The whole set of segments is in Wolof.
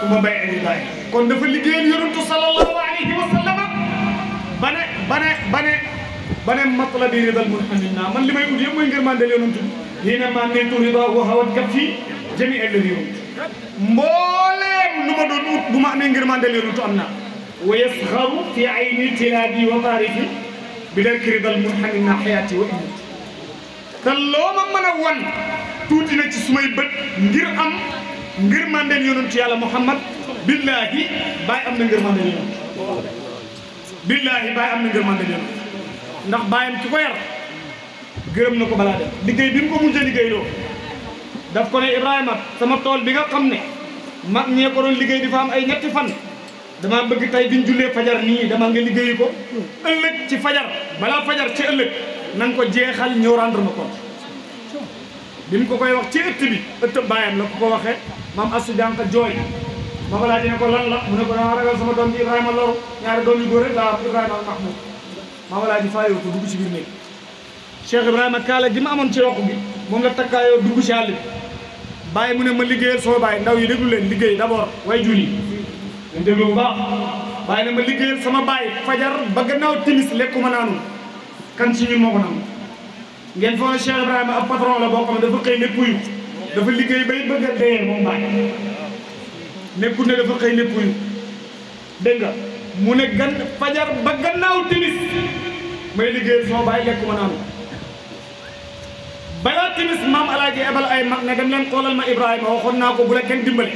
su ma bay añu bàyyi kon dafa liggéeyal yonentu sallallahu alayhi wa sallama ba ne ba ne ba ne ba ne matlabi ridal munhamil naa man li may ut yëpp mooy ngir mandel yonentu bi yéena ma nentu rida wa hawat kat fii jami alladi yoon mbooleem lu ma doon ut bu ma amee ngir mandel yonentu am naa wa yasxaru fi ayni tilaabi wa taarifi bi dal ki ridal munhamil naa xayaati wa inni te loo ma mën a wan tuuti na ci sumay bët ngir am ngir mandeel yonent yàlla Muhammad billaahi baay am na ngir mandeel yonent billaahi baay am na ngir mandeel yonent ndax baayam ci ko yar gërëm na ko balaa dem liggéey bi mu ko mujjee liggéey loo daf ko ne Ibrahima sama tool bi nga xam ne mag ñee ko doon liggéey di fa am ay ñetti fan dama bëgg tay biñ jullee fajar nii dama nga liggéeyi ko ëllëg ci fajar balaa fajar ci ëllëg na ko jeexal ñëw rendre ma compte bi mu ko koy wax ci ëtt bi ëtt bàyyam la ko ko waxee maam Asou Diankha jooy ma ko laajee ne ko lan la mu ne ko dama ragal sama doom bi Ibrahima loru ñaari doom yu góor rek laa wax Ibrahima ak Mahmoud maa kaala gi ma amoon ci roq bi moom la takkaayoo dugg ci àll bi bàyyi mu ne ma liggéeyal sama bàyyi ndaw yi déglu leen liggéey d'abord way julli dañ déglu bu baax bàyyi ne ma liggéeyal sama bàyyi fajar ba gannaaw timis lekkuma naanu kan ci ñun moo ko nangu ngeen foog ne Cheikh Ibrahima ab patron la boo xam ne dafa xëy ne puyu dafa liggéey bay bëgg a dee moom bàyyi nekkul ne dafa xëy ne puyu dégg nga mu ne gan fajar ba gannaaw timis may liggéey soo bàyyi lekk ma naan balaa timis maam alaaji ebal ay mag ne dem leen xoolal ma Ibrahima waxoon naa ko bu la kenn dimbale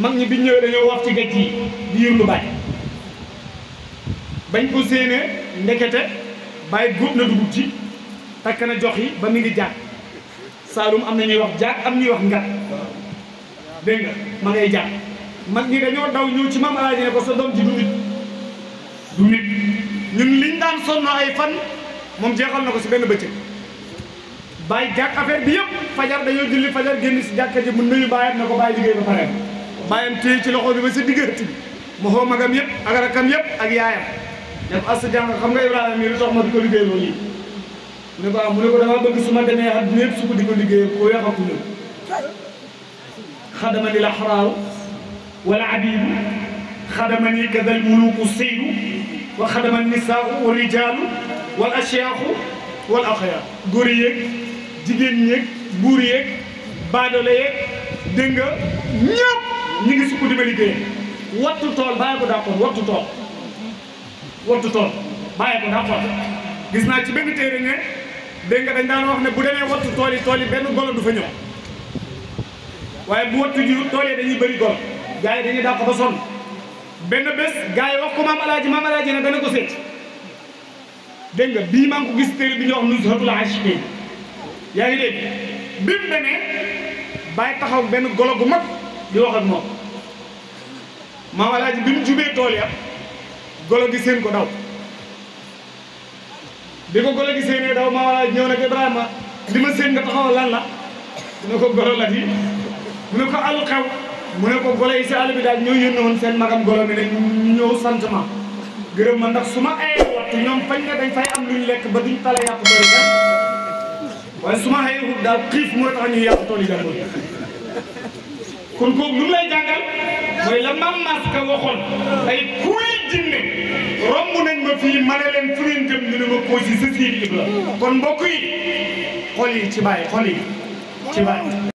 mag ñi biñ ñëwee dañoo wax ci géej gi diir lu bàyyi bañ ko séenee ndekete bàyyi góob na dugub ci takk na jox yi ba mi ngi jàkk Saalum am na ñuy wax jàkk am ñuy wax ngat dégg nga ma ngay jàkk mag ñi dañoo daw ñëw ci maam alaaji ne ko sa doom ji du nit du nit ñun daan sonn ay fan moom jeexal na ko si benn bëccëg bàyyi jàkk affaire bi yëpp fajar dañoo julli fajar génn si jàkka ji mu nuyu bàyyam na ko bàyyi liggéey ba pare bàyyam téye ci loxo bi ba si diggante bi mu xoo yëpp ak rakam yëpp ak yaayam def as jàng xam nga Ibrahima mii lu tax ma di ko liggéey loolu mu ne ko ah mu ne ko damaa bëgg su ma demee àdduna yëpp su ko di ko liggéeyee koo yàqatu ñëw xadama ni la xaraaru wala abibu xadama ni kadal muluku seydu wa xadama nisaau wa rijaalu wal asiyaaxu wal axyaar góor yeeg jigéen ñeeg buur yeeg baadole yeeg dégg nga ñëpp ñi ngi sukk di ma liggéeyee wattu tool bàyyi ko dàqoon wattu tool wattu tool bàyyi ko dàqoon gis naa ci benn téere ne dégg nga dañ daan wax ne bu demee wattu tool yi tool yi benn golo du fa ñëw waaye bu wattu ji dañuy bëri golo gars yi dañuy dàq ba sonn benn bés gars yi wax ko maam alaaji maam alaaji ne dana ko seet dégg nga bii maa ngi ko gis téere bi ñu wax Nuzhatul Ashiqiin yaa ngi dégg bi mu demee taxaw benn golo gu mag di wax ak moom maam alaaji bi mu jubee tool ya golo gi seen ko daw bi ko legi gi daw ma wala ñew nak Ibrahima dima seen nga taxaw lan la mu ko goro la fi mu ne ko àll xew mu ne ko golay ci si bi daal ñoo yónni won seen magam golo mi ne ñoo sant ma gërëm ma ndax suma ay wat ñom fañ nga dañ fay am lu lek ba duñ tala yaq bëri sax way suma ma ayee daal xif mo tax ñu yaq tool jàngal kon ko lu lay jàngal moy la mam ka waxon ay kuy jinné rombu nañ ma fi mané mooy si sësiir Ibra kon mbokk yi xol yi ci bàyyi xol yi ci bàyyi